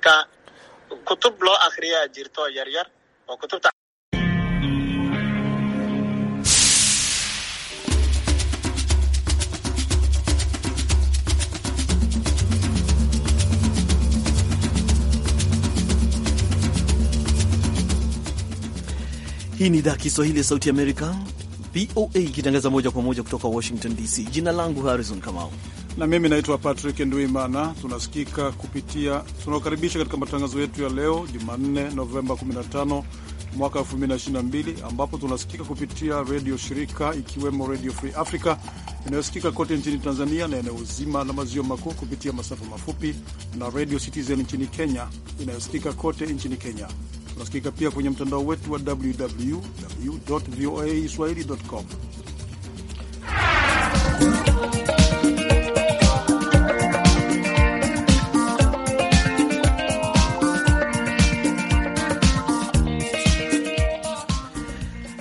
Ka, kutub loo akhriyaa jirto yaryar oo kutubta Hii ni idhaa Kiswahili ya Sauti Amerika VOA ikitangaza moja kwa moja kutoka Washington DC. Jina langu Harrison Kamau na mimi naitwa Patrick nduimana Tunasikika kupitia, tunawakaribisha katika matangazo yetu ya leo Jumanne Novemba 15 mwaka 2022, ambapo tunasikika kupitia redio shirika ikiwemo Redio Free Africa inayosikika kote nchini Tanzania na eneo zima la maziwa makuu kupitia masafa mafupi na Redio Citizen nchini Kenya inayosikika kote nchini Kenya. Tunasikika pia kwenye mtandao wetu wa www voa swahili com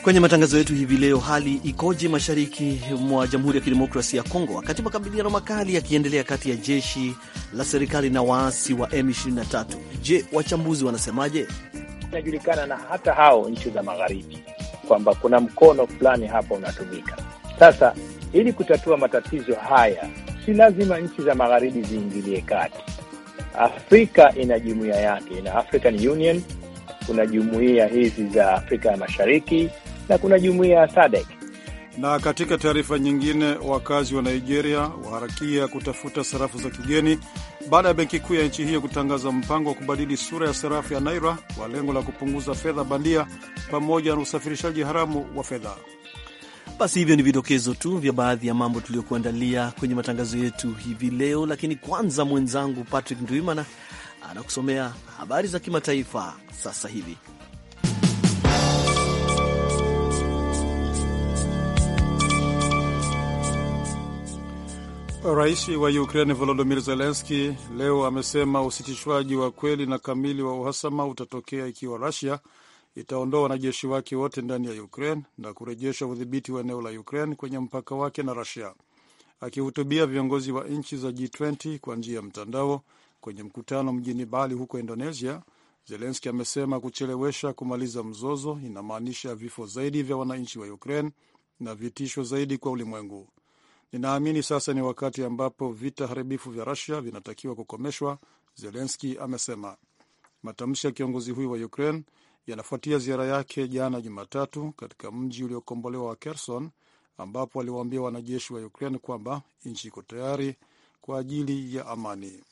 Kwenye matangazo yetu hivi leo, hali ikoje mashariki mwa Jamhuri ya Kidemokrasia ya Kongo wakati makabiliano makali yakiendelea kati ya jeshi la serikali na waasi wa M23? Je, wachambuzi wanasemaje? Inajulikana na hata hao nchi za magharibi kwamba kuna mkono fulani hapa unatumika. Sasa ili kutatua matatizo haya, si lazima nchi za magharibi ziingilie kati. Afrika ina jumuiya yake, ina African Union, kuna jumuiya hizi za Afrika ya Mashariki na kuna jumuiya ya SADC. Na katika taarifa nyingine, wakazi wa Nigeria waharakia kutafuta sarafu za kigeni baada ya benki kuu ya nchi hiyo kutangaza mpango wa kubadili sura ya sarafu ya naira kwa lengo la kupunguza fedha bandia pamoja na usafirishaji haramu wa fedha. Basi hivyo ni vidokezo tu vya baadhi ya mambo tuliyokuandalia kwenye matangazo yetu hivi leo, lakini kwanza mwenzangu Patrick Ndwimana anakusomea habari za kimataifa sasa hivi. Rais wa ukraine Volodimir Zelenski leo amesema usitishwaji wa kweli na kamili wa uhasama utatokea ikiwa rasia itaondoa wanajeshi wake wote ndani ya Ukraine na kurejesha udhibiti wa eneo la Ukraine kwenye mpaka wake na rasia Akihutubia viongozi wa nchi za G20 kwa njia ya mtandao kwenye mkutano mjini Bali huko Indonesia, Zelenski amesema kuchelewesha kumaliza mzozo inamaanisha vifo zaidi vya wananchi wa Ukraine na vitisho zaidi kwa ulimwengu. Ninaamini sasa ni wakati ambapo vita haribifu vya Rusia vinatakiwa kukomeshwa, Zelenski amesema. Matamshi ya kiongozi huyu wa Ukraine yanafuatia ziara yake jana Jumatatu katika mji uliokombolewa wa Kherson, ambapo aliwaambia wanajeshi wa Ukraine kwamba nchi iko tayari kwa ajili ya amani.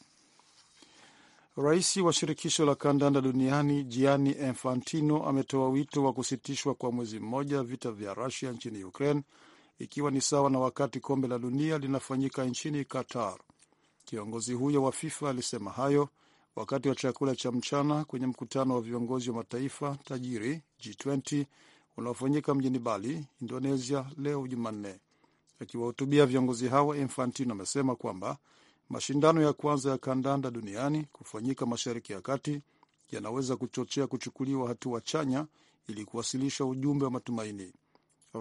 Rais wa shirikisho la kandanda duniani Gianni Infantino ametoa wito wa kusitishwa kwa mwezi mmoja vita vya Rusia nchini Ukraine ikiwa ni sawa na wakati kombe la dunia linafanyika nchini Qatar. Kiongozi huyo wa FIFA alisema hayo wakati wa chakula cha mchana kwenye mkutano wa viongozi wa mataifa tajiri G20 unaofanyika mjini Bali, Indonesia leo Jumanne. Akiwahutubia viongozi hao, Infantino amesema kwamba mashindano ya kwanza ya kandanda duniani kufanyika Mashariki ya Kati yanaweza kuchochea kuchukuliwa hatua chanya ili kuwasilisha ujumbe wa matumaini.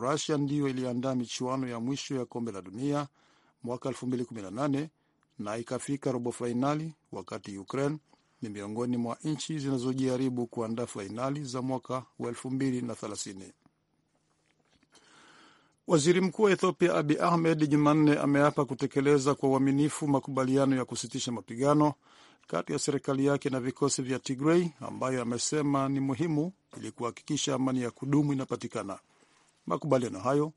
Rusia ndiyo iliandaa michuano ya mwisho ya kombe la dunia mwaka 2018 na ikafika robo fainali, wakati Ukraine ni miongoni mwa nchi zinazojaribu kuandaa fainali za mwaka wa 2030. Waziri mkuu wa Ethiopia Abi Ahmed Jumanne ameapa kutekeleza kwa uaminifu makubaliano ya kusitisha mapigano kati ya serikali yake na vikosi vya Tigrei ambayo amesema ni muhimu ili kuhakikisha amani ya kudumu inapatikana. Makubaliano hayo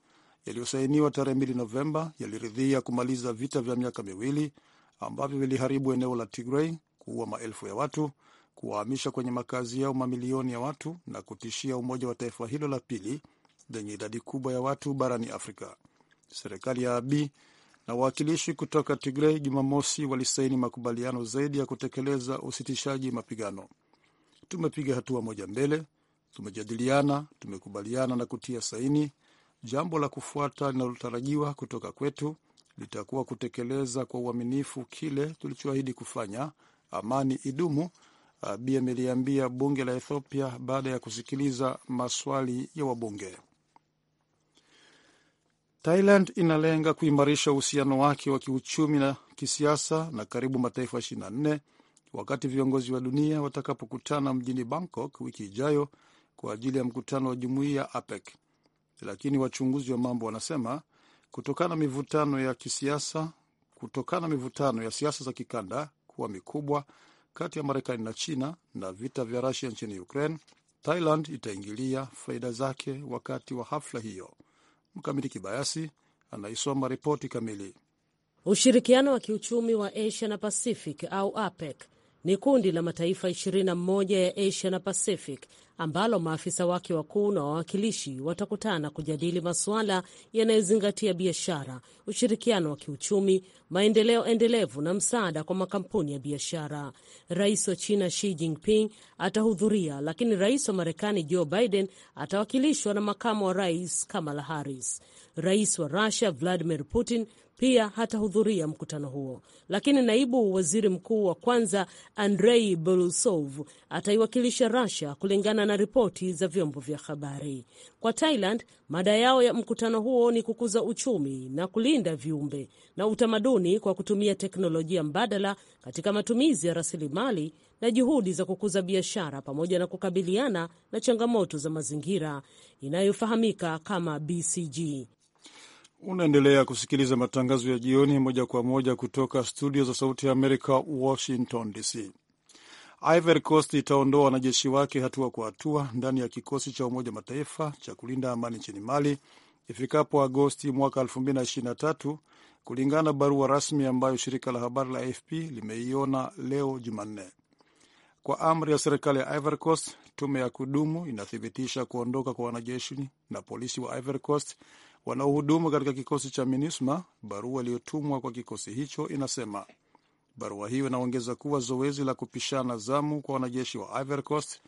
yaliyosainiwa tarehe mbili Novemba yaliridhia kumaliza vita vya miaka miwili ambavyo viliharibu eneo la Tigray, kuua maelfu ya watu, kuwahamisha kwenye makazi yao mamilioni ya watu na kutishia umoja wa taifa hilo la pili lenye idadi kubwa ya watu barani Afrika. Serikali ya Abiy na wawakilishi kutoka Tigray Jumamosi walisaini makubaliano zaidi ya kutekeleza usitishaji mapigano. Tumepiga hatua moja mbele, Tumejadiliana, tumekubaliana na kutia saini. Jambo la kufuata linalotarajiwa kutoka kwetu litakuwa kutekeleza kwa uaminifu kile tulichoahidi kufanya, amani idumu, Abiy uh, ameliambia bunge la Ethiopia baada ya kusikiliza maswali ya wabunge. Thailand inalenga kuimarisha uhusiano wake wa kiuchumi na kisiasa na karibu mataifa 24 wakati viongozi wa dunia watakapokutana mjini Bangkok wiki ijayo kwa ajili ya mkutano wa jumuiya ya APEC, lakini wachunguzi wa mambo wanasema kutokana na mivutano ya kisiasa, kutokana na mivutano ya siasa za kikanda kuwa mikubwa kati ya Marekani na China na vita vya Rusia nchini Ukraine, Thailand itaingilia faida zake wakati wa hafla hiyo. Mkamiti Kibayasi anaisoma ripoti kamili. Ushirikiano wa kiuchumi wa Asia na Pacific au APEC ni kundi la mataifa 21 ya Asia na Pacific ambalo maafisa wake wakuu na wawakilishi watakutana kujadili masuala yanayozingatia biashara, ushirikiano wa kiuchumi, maendeleo endelevu na msaada kwa makampuni ya biashara. Rais wa China Xi Jinping atahudhuria, lakini rais wa Marekani Joe Biden atawakilishwa na makamu wa rais Kamala Harris. Rais wa Russia Vladimir Putin pia hatahudhuria mkutano huo, lakini naibu waziri mkuu wa kwanza Andrei bolusov ataiwakilisha Russia kulingana na ripoti za vyombo vya habari. Kwa Thailand, mada yao ya mkutano huo ni kukuza uchumi na kulinda viumbe na utamaduni kwa kutumia teknolojia mbadala katika matumizi ya rasilimali na juhudi za kukuza biashara pamoja na kukabiliana na changamoto za mazingira inayofahamika kama BCG. Unaendelea kusikiliza matangazo ya jioni moja kwa moja kutoka studio za Sauti ya Amerika, Washington DC. Ivory Coast itaondoa wanajeshi wake hatua kwa hatua ndani ya kikosi cha Umoja Mataifa cha kulinda amani nchini Mali ifikapo Agosti mwaka 2023 kulingana na barua rasmi ambayo shirika la habari la AFP limeiona leo Jumanne. Kwa amri ya serikali ya Ivory Coast, tume ya kudumu inathibitisha kuondoka kwa wanajeshi na polisi wa Ivory Coast wanaohudumu katika kikosi cha MINUSMA. Barua iliyotumwa kwa kikosi hicho inasema. Barua hiyo inaongeza kuwa zoezi la kupishana zamu kwa wanajeshi wa Ivory Coast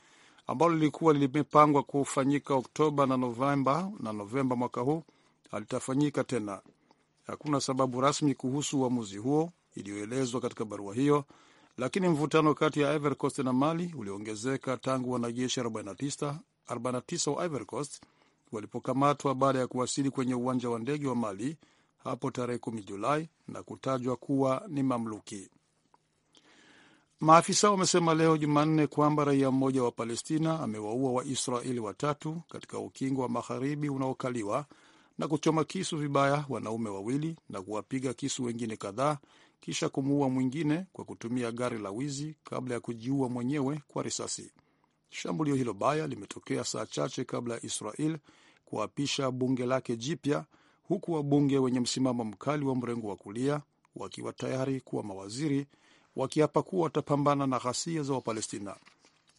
ambalo lilikuwa limepangwa kufanyika Oktoba na Novemba na Novemba mwaka huu halitafanyika tena. Hakuna sababu rasmi kuhusu uamuzi huo iliyoelezwa katika barua hiyo, lakini mvutano kati ya Ivory Coast na Mali uliongezeka tangu wanajeshi 49 wa Ivory Coast walipokamatwa baada ya kuwasili kwenye uwanja wa ndege wa Mali hapo tarehe 10 Julai na kutajwa kuwa ni mamluki. Maafisa wamesema leo Jumanne kwamba raia mmoja wa Palestina amewaua Waisraeli watatu katika ukingo wa magharibi unaokaliwa na kuchoma kisu vibaya wanaume wawili na kuwapiga kisu wengine kadhaa, kisha kumuua mwingine kwa kutumia gari la wizi kabla ya kujiua mwenyewe kwa risasi. Shambulio hilo baya limetokea saa chache kabla ya Israel kuapisha bunge lake jipya, huku wabunge wenye msimamo mkali wa mrengo wa kulia wakiwa tayari kuwa mawaziri, wakiapa kuwa watapambana na ghasia za Wapalestina.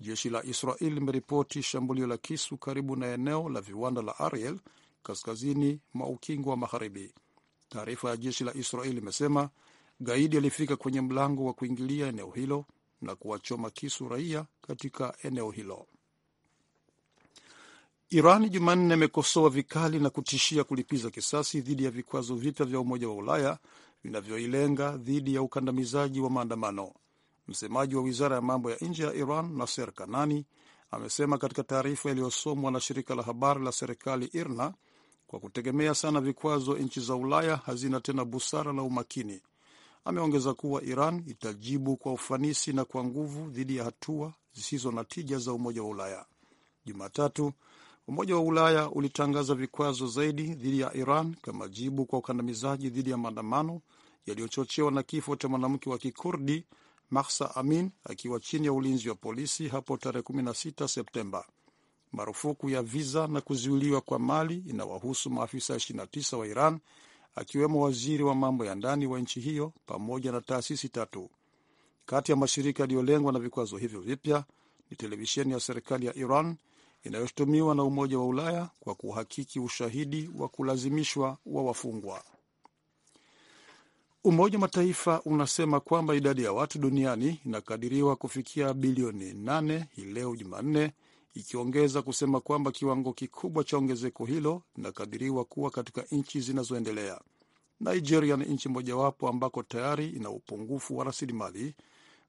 Jeshi la Israel limeripoti shambulio la kisu karibu na eneo la viwanda la Ariel kaskazini mwa ukingo wa Magharibi. Taarifa ya jeshi la Israel imesema gaidi alifika kwenye mlango wa kuingilia eneo hilo na kuwachoma kisu raia katika eneo hilo. Iran Jumanne imekosoa vikali na kutishia kulipiza kisasi dhidi ya vikwazo vipya vya Umoja wa Ulaya vinavyoilenga dhidi ya ukandamizaji wa maandamano. Msemaji wa wizara ya mambo ya nje ya Iran, Naser Kanani, amesema katika taarifa iliyosomwa na shirika la habari la serikali IRNA, kwa kutegemea sana vikwazo, nchi za Ulaya hazina tena busara na umakini Ameongeza kuwa Iran itajibu kwa ufanisi na kwa nguvu dhidi ya hatua zisizo na tija za Umoja wa Ulaya. Jumatatu, Umoja wa Ulaya ulitangaza vikwazo zaidi dhidi ya Iran kama jibu kwa ukandamizaji dhidi ya maandamano yaliyochochewa na kifo cha mwanamke wa Kikurdi Mahsa Amin akiwa chini ya ulinzi wa polisi hapo tarehe 16 Septemba. Marufuku ya viza na kuzuiliwa kwa mali inawahusu maafisa 29 wa Iran akiwemo waziri wa mambo ya ndani wa nchi hiyo pamoja na taasisi tatu. Kati ya mashirika yaliyolengwa na vikwazo hivyo vipya ni televisheni ya serikali ya Iran inayoshutumiwa na Umoja wa Ulaya kwa kuhakiki ushahidi wa kulazimishwa wa wafungwa. Umoja wa Mataifa unasema kwamba idadi ya watu duniani inakadiriwa kufikia bilioni 8 hii leo Jumanne, ikiongeza kusema kwamba kiwango kikubwa cha ongezeko hilo linakadiriwa kuwa katika nchi zinazoendelea. Nigeria ni nchi mojawapo ambako tayari ina upungufu wa rasilimali.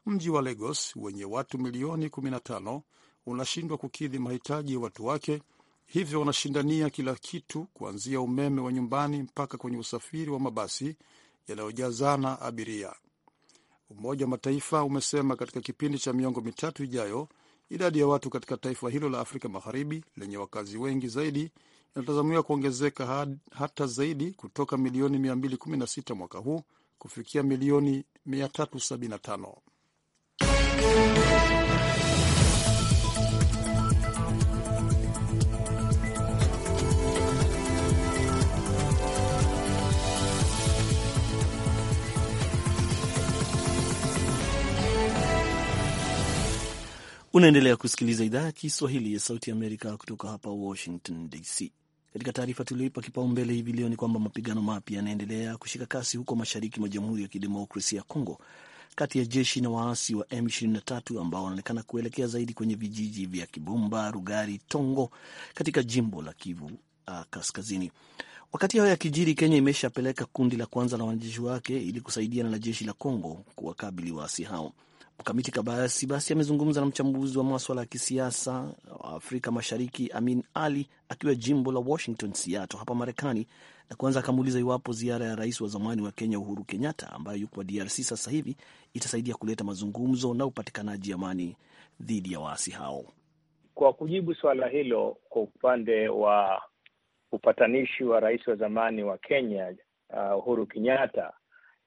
Mji wa Lagos wenye watu milioni 15 unashindwa kukidhi mahitaji ya watu wake, hivyo wanashindania kila kitu, kuanzia umeme wa nyumbani mpaka kwenye usafiri wa mabasi yanayojazana abiria. Umoja wa Mataifa umesema katika kipindi cha miongo mitatu ijayo Idadi ya watu katika taifa hilo la Afrika Magharibi lenye wakazi wengi zaidi inatazamiwa kuongezeka hata zaidi kutoka milioni 216 mwaka huu kufikia milioni 375. Unaendelea kusikiliza idhaa ya Kiswahili ya Sauti Amerika kutoka hapa Washington DC. Katika taarifa tulioipa kipaumbele hivi leo ni kwamba mapigano mapya yanaendelea kushika kasi huko mashariki mwa Jamhuri ya Kidemokrasia ya Kongo kati ya jeshi na waasi wa M23 ambao wanaonekana kuelekea zaidi kwenye vijiji vya Kibumba, Rugari, Tongo katika jimbo la Kivu uh, Kaskazini. Wakati hayo yakijiri, Kenya imeshapeleka kundi la kwanza la wanajeshi wake ili kusaidiana na jeshi la Kongo kuwakabili waasi hao. Mkamiti Kabasi basi amezungumza na mchambuzi wa maswala ya kisiasa wa Afrika Mashariki Amin Ali akiwa jimbo la Washington Seattle hapa Marekani, na kwanza akamuuliza iwapo ziara ya rais wa zamani wa Kenya Uhuru Kenyatta ambayo yuko DRC sasa hivi itasaidia kuleta mazungumzo na upatikanaji amani dhidi ya waasi hao. Kwa kujibu suala hilo, kwa upande wa upatanishi wa rais wa zamani wa Kenya uh, Uhuru Kenyatta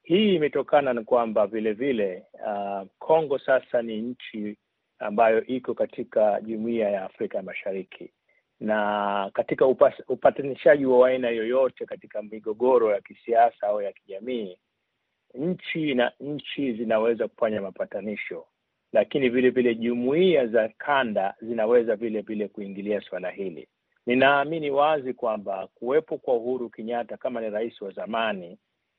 hii imetokana na kwamba vilevile uh, Kongo uh, sasa ni nchi ambayo iko katika jumuiya ya Afrika Mashariki na katika upatanishaji wa aina yoyote katika migogoro ya kisiasa au ya kijamii, nchi na nchi zinaweza kufanya mapatanisho, lakini vile vile jumuiya za kanda zinaweza vile vile kuingilia swala hili. Ninaamini wazi kwamba kuwepo kwa Uhuru Kenyatta kama ni rais wa zamani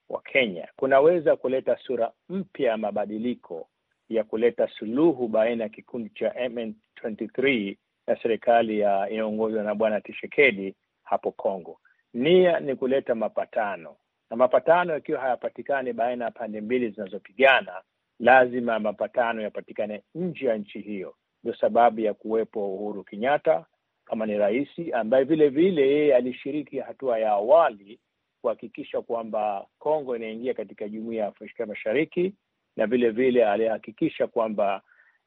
wa Kenya kunaweza kuleta sura mpya ya mabadiliko ya kuleta suluhu baina ya kikundi cha mn 23 na serikali ya inaongozwa na Bwana Tshisekedi hapo Kongo. Nia ni kuleta mapatano, na mapatano yakiwa hayapatikani baina ya pande mbili zinazopigana, lazima mapatano yapatikane nje ya nchi hiyo. Ndio sababu ya kuwepo Uhuru Kenyatta kama ni rais ambaye vile vile yeye alishiriki hatua ya awali kuhakikisha kwamba Kongo inaingia katika jumuiya ya Afrika Mashariki na vile vile alihakikisha kwamba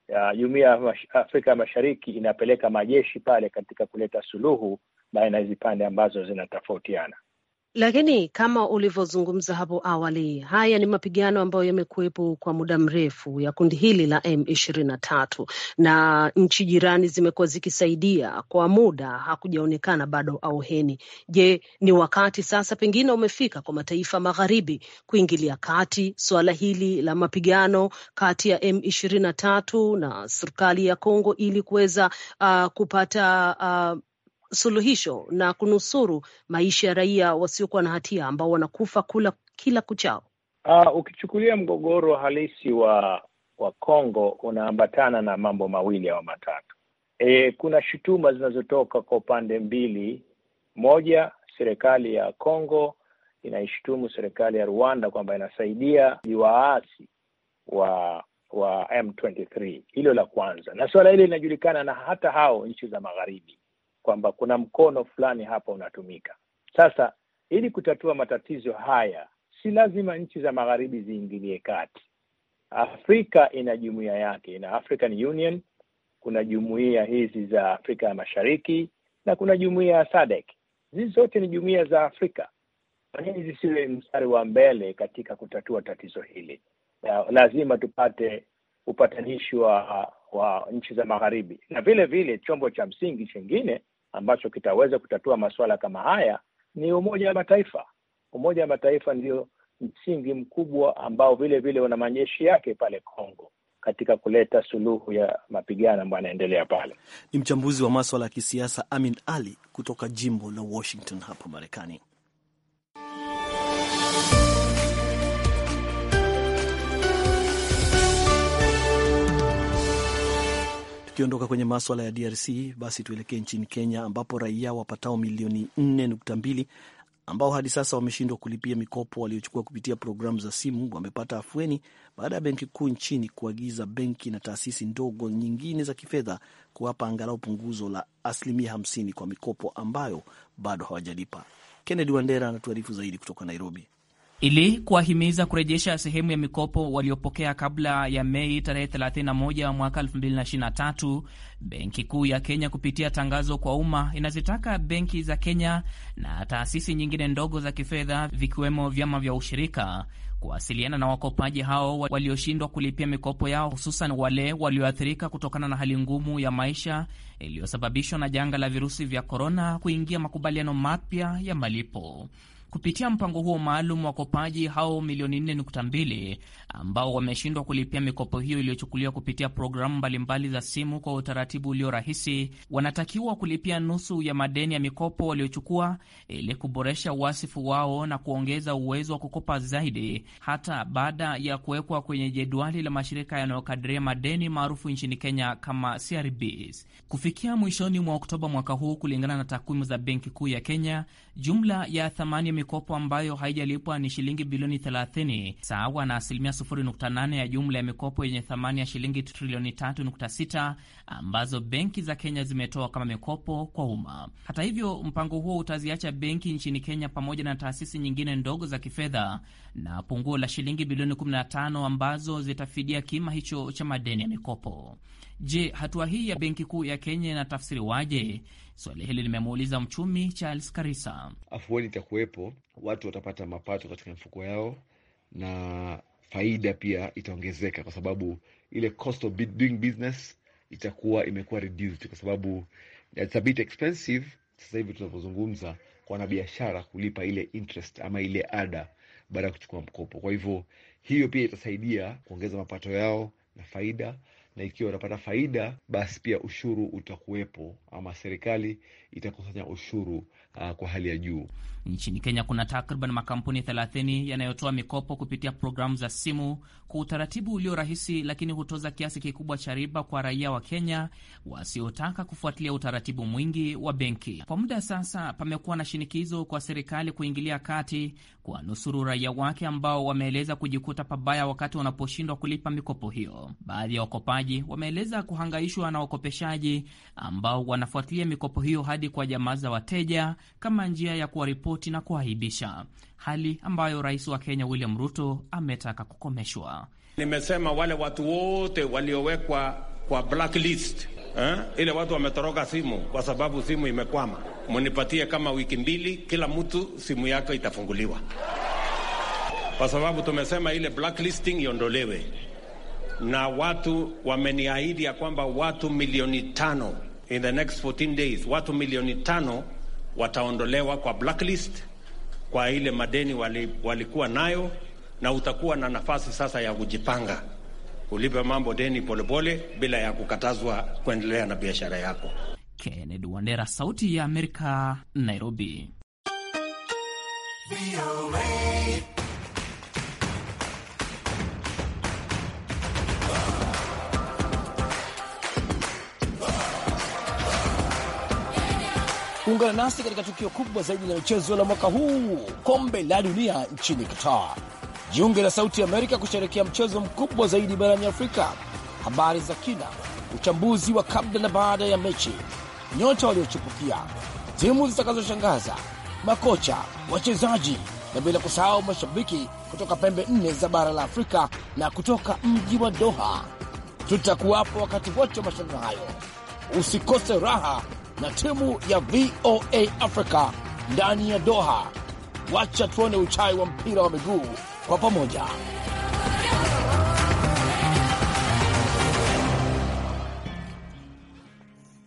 uh, jumuiya ya Afrika Mashariki inapeleka majeshi pale katika kuleta suluhu baina ya hizi pande ambazo zinatofautiana. Lakini kama ulivyozungumza hapo awali, haya ni mapigano ambayo yamekuwepo kwa muda mrefu ya kundi hili la M23 na nchi jirani zimekuwa zikisaidia kwa muda, hakujaonekana bado auheni. Je, ni wakati sasa pengine umefika kwa mataifa magharibi kuingilia kati suala hili la mapigano kati ya M23 na serikali ya Kongo ili kuweza uh, kupata uh, suluhisho na kunusuru maisha ya raia wasiokuwa na hatia ambao wanakufa kula kila kuchao. Uh, ukichukulia mgogoro halisi wa wa Kongo unaambatana na mambo mawili au matatu. E, kuna shutuma zinazotoka kwa upande mbili. Moja, serikali ya Kongo inaishutumu serikali ya Rwanda kwamba inasaidia waasi wa wa M23. Hilo la kwanza, na suala hili linajulikana na hata hao nchi za magharibi kwamba kuna mkono fulani hapa unatumika. Sasa ili kutatua matatizo haya, si lazima nchi za magharibi ziingilie kati. Afrika ina jumuiya yake, ina African Union, kuna jumuiya hizi za Afrika ya Mashariki na kuna jumuiya ya SADC. Hizi zote ni jumuiya za Afrika. Kwa nini zisiwe mstari wa mbele katika kutatua tatizo hili? Ya, lazima tupate upatanishi wa, wa nchi za magharibi, na vile vile chombo cha msingi chingine ambacho kitaweza kutatua masuala kama haya ni Umoja wa Mataifa. Umoja wa Mataifa ndio msingi mkubwa ambao vile vile una majeshi yake pale Kongo katika kuleta suluhu ya mapigano ambayo yanaendelea pale. Ni mchambuzi wa maswala ya kisiasa Amin Ali kutoka jimbo la Washington hapo Marekani. Tukiondoka kwenye maswala ya DRC, basi tuelekee nchini Kenya ambapo raia wapatao milioni 4.2 ambao hadi sasa wameshindwa kulipia mikopo waliochukua kupitia programu za simu wamepata afueni baada ya benki kuu nchini kuagiza benki na taasisi ndogo nyingine za kifedha kuwapa angalau punguzo la asilimia 50 kwa mikopo ambayo bado hawajalipa. Kennedy Wandera anatuarifu zaidi kutoka Nairobi ili kuwahimiza kurejesha sehemu ya mikopo waliopokea kabla ya Mei tarehe 31 mwaka 2023, Benki Kuu ya Kenya kupitia tangazo kwa umma inazitaka benki za Kenya na taasisi nyingine ndogo za kifedha vikiwemo vyama vya ushirika kuwasiliana na wakopaji hao walioshindwa kulipia mikopo yao, hususan wale walioathirika kutokana na hali ngumu ya maisha iliyosababishwa na janga la virusi vya korona, kuingia makubaliano mapya ya malipo kupitia mpango huo maalum wakopaji hao milioni 4.2 ambao wameshindwa kulipia mikopo hiyo iliyochukuliwa kupitia programu mbalimbali za simu kwa utaratibu ulio rahisi, wanatakiwa kulipia nusu ya madeni ya mikopo waliochukua ili kuboresha wasifu wao na kuongeza uwezo wa kukopa zaidi, hata baada ya kuwekwa kwenye jedwali la mashirika yanayokadiria madeni maarufu nchini Kenya kama CRBs. Kufikia mwishoni mwa Oktoba mwaka huu, kulingana na takwimu za Benki Kuu ya Kenya, jumla ya thamani mikopo ambayo haijalipwa ni shilingi bilioni 30 sawa na asilimia 0.8 ya jumla ya mikopo yenye thamani ya shilingi trilioni 3.6 ambazo benki za Kenya zimetoa kama mikopo kwa umma. Hata hivyo, mpango huo utaziacha benki nchini Kenya pamoja na taasisi nyingine ndogo za kifedha na punguo la shilingi bilioni 15 ambazo zitafidia kima hicho cha madeni ya mikopo. Je, hatua hii ya Benki Kuu ya Kenya waje? Swali hili limemuuliza mchumi Charles Karisa. Afueni itakuwepo, watu watapata mapato katika mifuko yao na faida pia itaongezeka, kwa sababu ile cost of doing business itakuwa imekuwa reduced, kwa sababu it's a bit expensive sasa hivi tunavyozungumza kwa wanabiashara kulipa ile interest ama ile ada baada ya kuchukua mkopo. Kwa hivyo hiyo pia itasaidia kuongeza mapato yao na faida na ikiwa utapata faida, basi pia ushuru utakuwepo, ama serikali itakusanya ushuru uh, kwa hali ya juu. Nchini Kenya kuna takriban makampuni 30 yanayotoa mikopo kupitia programu za simu kwa utaratibu ulio rahisi, lakini hutoza kiasi kikubwa cha riba kwa raia wa Kenya wasiotaka kufuatilia utaratibu mwingi wa benki. Kwa muda sasa, pamekuwa na shinikizo kwa serikali kuingilia kati nusuru raia wake ambao wameeleza kujikuta pabaya wakati wanaposhindwa kulipa mikopo hiyo. Baadhi ya wakopaji wameeleza kuhangaishwa na wakopeshaji ambao wanafuatilia mikopo hiyo hadi kwa jamaa za wateja kama njia ya kuwaripo ripoti na kuaibisha, hali ambayo rais wa Kenya William Ruto ametaka kukomeshwa. Nimesema wale watu wote waliowekwa kwa blacklist eh, ile watu wametoroka simu kwa sababu simu imekwama, munipatie kama wiki mbili, kila mtu simu yake itafunguliwa kwa sababu tumesema ile blacklisting iondolewe, na watu wameniahidi ya kwamba watu milioni tano in the next 14 days, watu milioni tano wataondolewa kwa blacklist kwa ile madeni wali, walikuwa nayo, na utakuwa na nafasi sasa ya kujipanga ulipe mambo deni polepole pole, bila ya kukatazwa kuendelea na biashara yako. Kennedy Wandera, Sauti ya Amerika, Nairobi. kuungana nasi katika tukio kubwa zaidi la michezo la mwaka huu, kombe la dunia nchini Qatar. Jiunge na Sauti Amerika kusherekea mchezo mkubwa zaidi barani Afrika. Habari za kina, uchambuzi wa kabla na baada ya mechi, nyota waliochipukia, timu zitakazoshangaza, makocha, wachezaji na bila kusahau mashabiki kutoka pembe nne za bara la Afrika na kutoka mji wa Doha. Tutakuwapo wakati wote wa mashindano hayo, usikose raha na timu ya VOA Africa ndani ya Doha. Wacha tuone uchai wa mpira wa miguu kwa pamoja.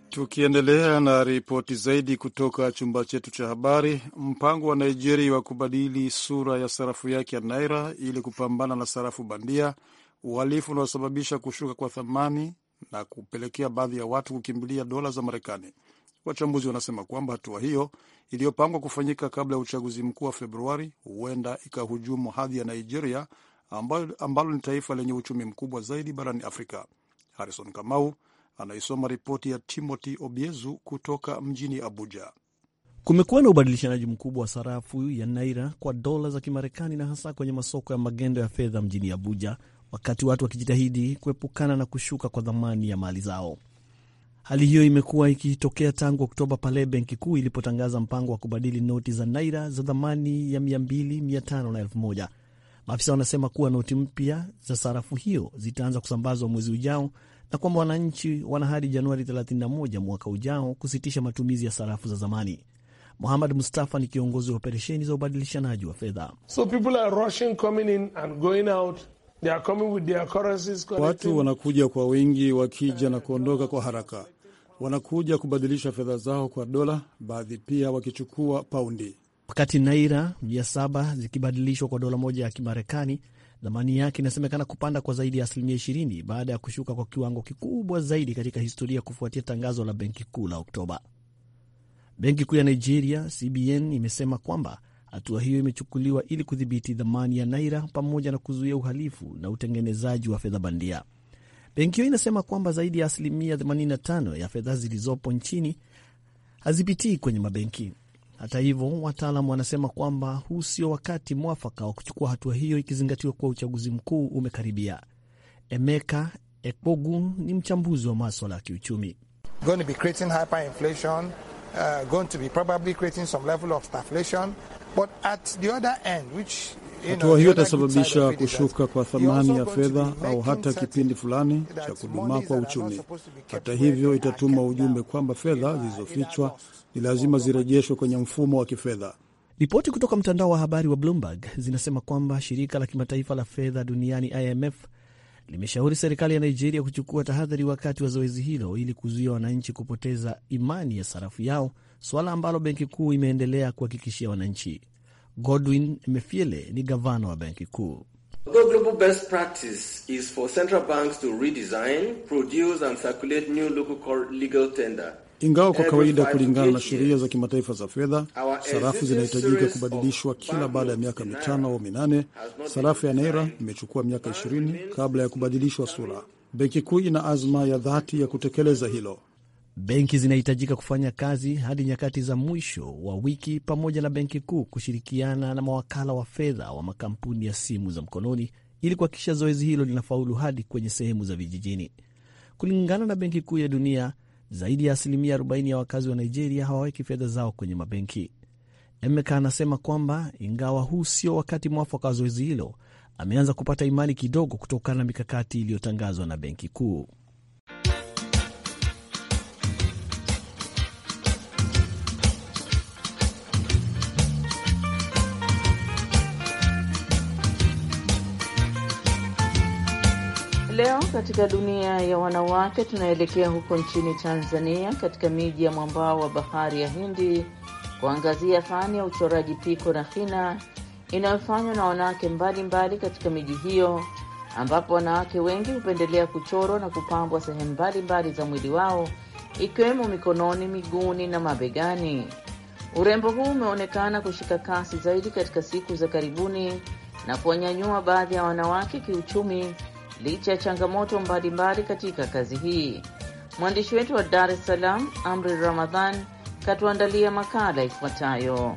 Tukiendelea na ripoti zaidi kutoka chumba chetu cha habari, mpango wa Nigeria wa kubadili sura ya sarafu yake ya naira ili kupambana na sarafu bandia, uhalifu unaosababisha kushuka kwa thamani na kupelekea baadhi ya watu kukimbilia dola za Marekani. Wachambuzi wanasema kwamba hatua hiyo iliyopangwa kufanyika kabla ya uchaguzi mkuu wa Februari huenda ikahujumu hadhi ya Nigeria ambalo, ambalo ni taifa lenye uchumi mkubwa zaidi barani Afrika. Harrison Kamau anaisoma ripoti ya Timothy Obiezu kutoka mjini Abuja. Kumekuwa na ubadilishanaji mkubwa wa sarafu ya naira kwa dola za Kimarekani na hasa kwenye masoko ya magendo ya fedha mjini Abuja, wakati watu wakijitahidi kuepukana na kushuka kwa dhamani ya mali zao. Hali hiyo imekuwa ikitokea tangu Oktoba pale benki kuu ilipotangaza mpango wa kubadili noti za naira za thamani ya 200, 500 na 1000. Maafisa wanasema kuwa noti mpya za sarafu hiyo zitaanza kusambazwa mwezi ujao na kwamba wananchi wana hadi Januari 31 mwaka ujao kusitisha matumizi ya sarafu za zamani. Muhamad Mustafa ni kiongozi wa operesheni za ubadilishanaji wa fedha. So watu wanakuja kwa wingi wakija na kuondoka kwa haraka wanakuja kubadilisha fedha zao kwa dola, baadhi pia wakichukua paundi. Wakati naira mia saba zikibadilishwa kwa dola moja ya Kimarekani, thamani yake inasemekana kupanda kwa zaidi ya asilimia ishirini baada ya kushuka kwa kiwango kikubwa zaidi katika historia kufuatia tangazo la benki kuu la Oktoba. Benki kuu ya Nigeria, CBN, imesema kwamba hatua hiyo imechukuliwa ili kudhibiti thamani ya naira pamoja na kuzuia uhalifu na utengenezaji wa fedha bandia. Benki hiyo inasema kwamba zaidi ya asilimia 85 ya fedha zilizopo nchini hazipitii kwenye mabenki. Hata hivyo, wataalam wanasema kwamba huu sio wakati mwafaka wa kuchukua hatua hiyo ikizingatiwa kuwa uchaguzi mkuu umekaribia. Emeka Ekpogu ni mchambuzi wa maswala ya kiuchumi. Uh, Hatua hiyo itasababisha kushuka kwa thamani ya fedha au hata kipindi fulani cha kudumaa kwa uchumi. Hata hivyo, itatuma ujumbe kwamba fedha zilizofichwa ni lazima zirejeshwe kwenye mfumo wa kifedha. Ripoti kutoka mtandao wa habari wa Bloomberg zinasema kwamba shirika la kimataifa la fedha duniani IMF limeshauri serikali ya Nigeria kuchukua tahadhari wakati wa zoezi hilo ili kuzuia wananchi kupoteza imani ya sarafu yao, suala ambalo benki kuu imeendelea kuhakikishia wananchi. Godwin Mefiele ni gavana wa benki kuu. Ingawa kwa kawaida, kulingana na sheria za kimataifa za fedha, sarafu zinahitajika kubadilishwa kila baada ya miaka mitano au minane. Sarafu ya naira imechukua miaka ishirini kabla ya kubadilishwa sura. Benki kuu ina azma ya dhati ya kutekeleza hilo. Benki zinahitajika kufanya kazi hadi nyakati za mwisho wa wiki pamoja na benki kuu kushirikiana na mawakala wa fedha wa makampuni ya simu za mkononi ili kuhakikisha zoezi hilo linafaulu hadi kwenye sehemu za vijijini. Kulingana na Benki Kuu ya Dunia, zaidi ya asilimia 40 ya wakazi wa Nigeria hawaweki fedha zao kwenye mabenki. Emeka anasema kwamba ingawa huu sio wakati mwafaka wa zoezi hilo, ameanza kupata imani kidogo kutokana na mikakati iliyotangazwa na Benki Kuu. katika dunia ya wanawake, tunaelekea huko nchini Tanzania, katika miji ya mwambao wa bahari ya Hindi kuangazia fani ya uchoraji piko na hina inayofanywa na wanawake mbalimbali katika miji hiyo, ambapo wanawake wengi hupendelea kuchorwa na kupambwa sehemu mbalimbali za mwili wao ikiwemo mikononi, miguuni na mabegani. Urembo huu umeonekana kushika kasi zaidi katika siku za karibuni na kuwanyanyua baadhi ya wanawake kiuchumi licha ya changamoto mbalimbali katika kazi hii. Mwandishi wetu wa Dar es Salaam, Amri Ramadhan, katuandalia makala ifuatayo.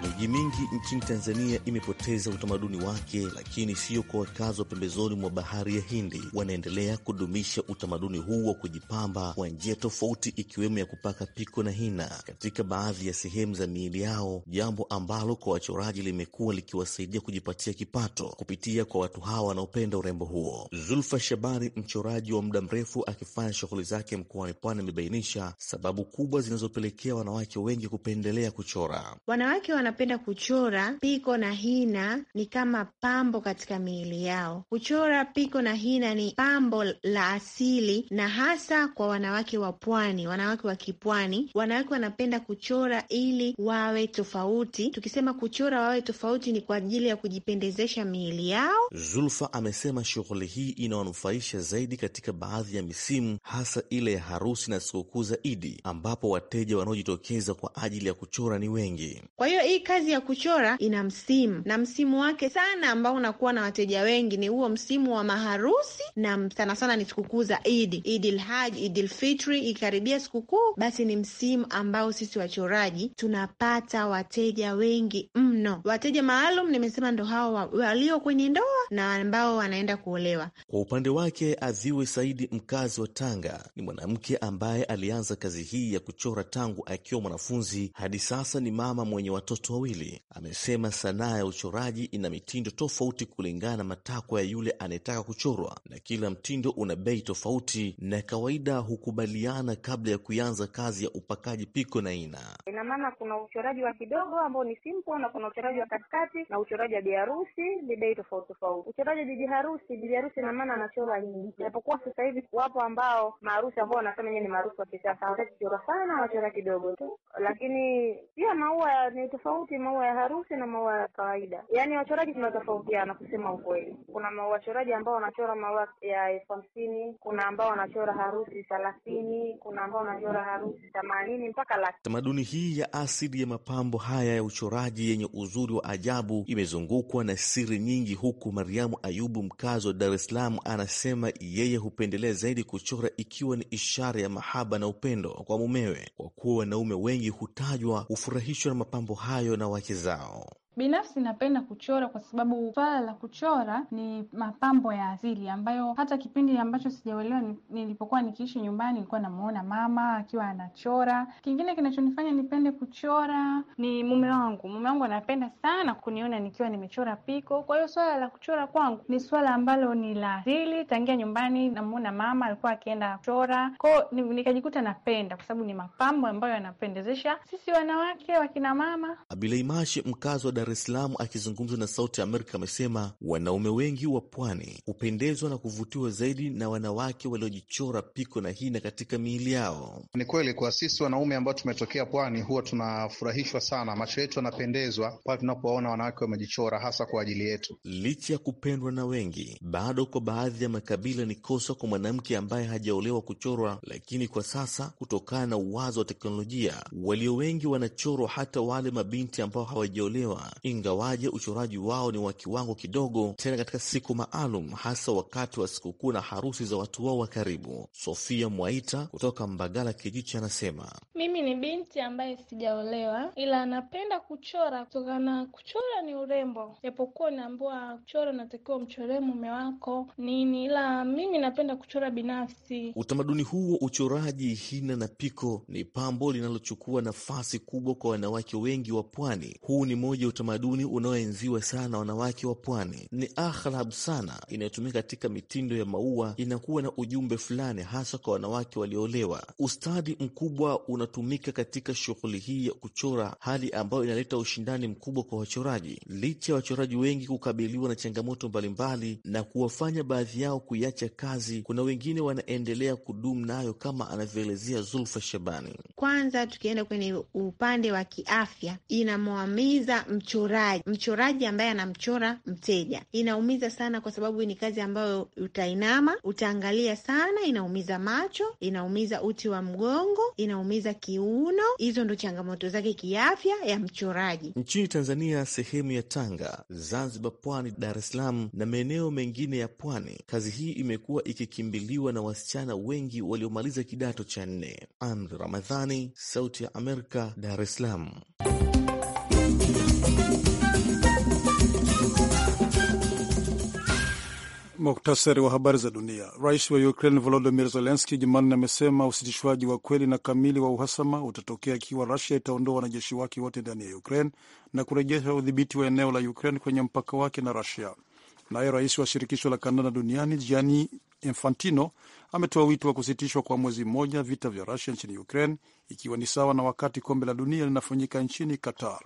Miji mingi nchini Tanzania imepoteza utamaduni wake, lakini sio kwa wakazi wa pembezoni mwa bahari ya Hindi. Wanaendelea kudumisha utamaduni huu wa kujipamba kwa njia tofauti, ikiwemo ya kupaka piko na hina katika baadhi ya sehemu za miili yao, jambo ambalo kwa wachoraji limekuwa likiwasaidia kujipatia kipato kupitia kwa watu hawa wanaopenda urembo huo. Zulfa Shabari, mchoraji wa muda mrefu akifanya shughuli zake mkoani Pwani, amebainisha sababu kubwa zinazopelekea wanawake wengi kupendelea kuchora. Wanawake wana wanapenda kuchora piko na hina, ni kama pambo katika miili yao. Kuchora piko na hina ni pambo la asili, na hasa kwa wanawake wa pwani, wanawake wa kipwani. Wanawake wanapenda kuchora ili wawe tofauti. Tukisema kuchora wawe tofauti, ni kwa ajili ya kujipendezesha miili yao. Zulfa amesema shughuli hii inawanufaisha zaidi katika baadhi ya misimu, hasa ile ya harusi na sikukuu za Idi, ambapo wateja wanaojitokeza kwa ajili ya kuchora ni wengi. Kwa hiyo hii kazi ya kuchora ina msimu na msimu wake sana ambao unakuwa na wateja wengi ni huo msimu wa maharusi, na sana sana ni sikukuu za Idi, Idil Haj, Idil Fitri. Ikikaribia sikukuu, basi ni msimu ambao sisi wachoraji tunapata wateja wengi mno. Wateja maalum nimesema ndo hao walio kwenye ndoa na ambao wanaenda kuolewa. Kwa upande wake, Adhiwe Saidi, mkazi wa Tanga, ni mwanamke ambaye alianza kazi hii ya kuchora tangu akiwa mwanafunzi, hadi sasa ni mama mwenye watoto watoto wawili. Amesema sanaa ya uchoraji ina mitindo tofauti kulingana na matakwa ya yule anayetaka kuchorwa, na kila mtindo una bei tofauti, na kawaida hukubaliana kabla ya kuanza kazi ya upakaji piko na ina. Ina maana kuna uchoraji wa kidogo ambao ni simple, na kuna uchoraji wa katikati na uchoraji wa biharusi, ni bei tofauti tofauti. Uchoraji wa biharusi, harusi ina maana anachora nyingi, japokuwa sasa hivi wapo ambao maarusi ambao wanasema yeye ni maarufu wa kisasa, wanachora sana, wanachora kidogo tu, lakini pia maua ni tofauti, maua ya harusi na maua ya kawaida. Yaani wachoraji tunatofautiana kusema ukweli. Kuna wachoraji ambao wanachora maua ya elfu hamsini, kuna ambao wanachora harusi thelathini, kuna ambao wanachora harusi themanini mpaka laki. Tamaduni hii ya asili ya mapambo haya ya uchoraji yenye uzuri wa ajabu imezungukwa na siri nyingi, huku Mariamu Ayubu mkazi wa Dar es Salaam anasema yeye hupendelea zaidi kuchora ikiwa ni ishara ya mahaba na upendo kwa mumewe, kwa kuwa wanaume wengi hutajwa wamefurahishwa na mapambo hayo na wake zao. Binafsi napenda kuchora kwa sababu swala la kuchora ni mapambo ya asili ambayo hata kipindi ambacho sijaelewa nilipokuwa nikiishi nyumbani nilikuwa namuona mama akiwa anachora. Kingine kinachonifanya nipende kuchora ni mume wangu. Mume wangu anapenda sana kuniona nikiwa nimechora piko. Kwa hiyo swala la kuchora kwangu ni swala ambalo ni la asili, tangia nyumbani namuona mama alikuwa akienda kuchora. Kwao nikajikuta napenda kwa sababu ni mapambo ambayo yanapendezesha sisi wanawake wakina mama. Abilaimashi mkazo Dar es Salaam akizungumza na Sauti ya Amerika amesema wanaume wengi wa pwani hupendezwa na kuvutiwa zaidi na wanawake waliojichora piko na hina katika miili yao. Ni kweli kwa sisi wanaume ambao tumetokea pwani huwa tunafurahishwa sana, macho yetu yanapendezwa pale tunapowaona wanawake wamejichora hasa kwa ajili yetu. Licha ya kupendwa na wengi, bado kwa baadhi ya makabila ni kosa kwa mwanamke ambaye hajaolewa kuchorwa, lakini kwa sasa kutokana na uwazo wa teknolojia, walio wengi wanachorwa hata wale mabinti ambao hawajaolewa ingawaje uchoraji wao ni wa kiwango kidogo, tena katika siku maalum, hasa wakati wa sikukuu na harusi za watu wao wa karibu. Sofia Mwaita kutoka Mbagala Kijichi anasema, mimi ni binti ambaye sijaolewa, ila anapenda kuchora kutokana, kuchora ni urembo, japokuwa naambiwa kuchora unatakiwa mchoree mume wako nini, ila mimi napenda kuchora binafsi. Utamaduni huo uchoraji, hina na piko ni pambo linalochukua nafasi kubwa kwa wanawake wengi wa pwani. Huu ni moja utamaduni unaoenziwa sana wanawake wa pwani. Ni aghlab sana inayotumika katika mitindo ya maua, inakuwa na ujumbe fulani, hasa kwa wanawake walioolewa. Ustadi mkubwa unatumika katika shughuli hii ya kuchora, hali ambayo inaleta ushindani mkubwa kwa wachoraji, licha ya wachoraji wengi kukabiliwa na changamoto mbalimbali na kuwafanya baadhi yao kuiacha kazi. Kuna wengine wanaendelea kudumu nayo, kama anavyoelezea Zulfa Shabani. Kwanza tukienda kwenye upande wa kiafya, inamwamiza mch mchoraji, mchoraji ambaye anamchora mteja. Inaumiza sana, kwa sababu ni kazi ambayo utainama, utaangalia sana, inaumiza macho, inaumiza uti wa mgongo, inaumiza kiuno. Hizo ndo changamoto zake kiafya ya mchoraji nchini Tanzania, sehemu ya Tanga, Zanzibar, Pwani, Dar es Salaam na maeneo mengine ya pwani. Kazi hii imekuwa ikikimbiliwa na wasichana wengi waliomaliza kidato cha nne. Amri Ramadhani, Sauti ya Amerika, Dar es Salaam. Muktasari wa habari za dunia. Rais wa Ukraine volodimir Zelenski Jumanne amesema usitishwaji wa kweli na kamili wa uhasama utatokea ikiwa Rusia itaondoa wanajeshi wake wote ndani ya Ukraine na kurejesha udhibiti wa eneo la Ukraine kwenye mpaka wake na Rusia. Naye rais wa shirikisho la kandanda duniani Gianni Infantino ametoa wito wa kusitishwa kwa mwezi mmoja vita vya Rusia nchini Ukraine, ikiwa ni sawa na wakati kombe la dunia linafanyika nchini Qatar.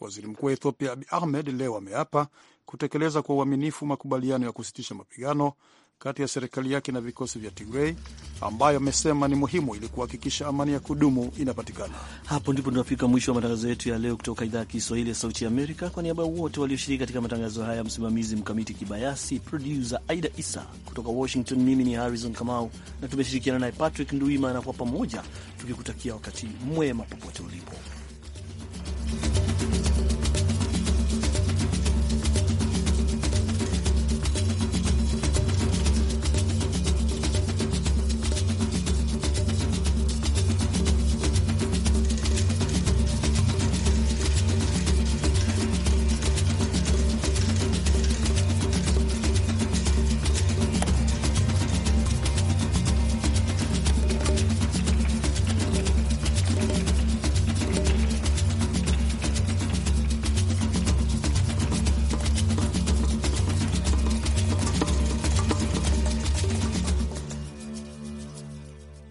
Waziri Mkuu wa Ethiopia Abi Ahmed leo ameapa kutekeleza kwa uaminifu makubaliano ya kusitisha mapigano kati ya serikali yake na vikosi vya Tigrei ambayo amesema ni muhimu ili kuhakikisha amani ya kudumu inapatikana. Hapo ndipo tunafika mwisho wa matangazo yetu ya leo kutoka idhaa ya Kiswahili ya Sauti ya Amerika. Kwa niaba ya wote walioshiriki katika matangazo haya, msimamizi Mkamiti Kibayasi, produsa Aida Isa kutoka Washington, mimi ni Harrison Kamau na tumeshirikiana naye Patrick Nduima, na kwa pamoja tukikutakia wakati mwema popote ulipo.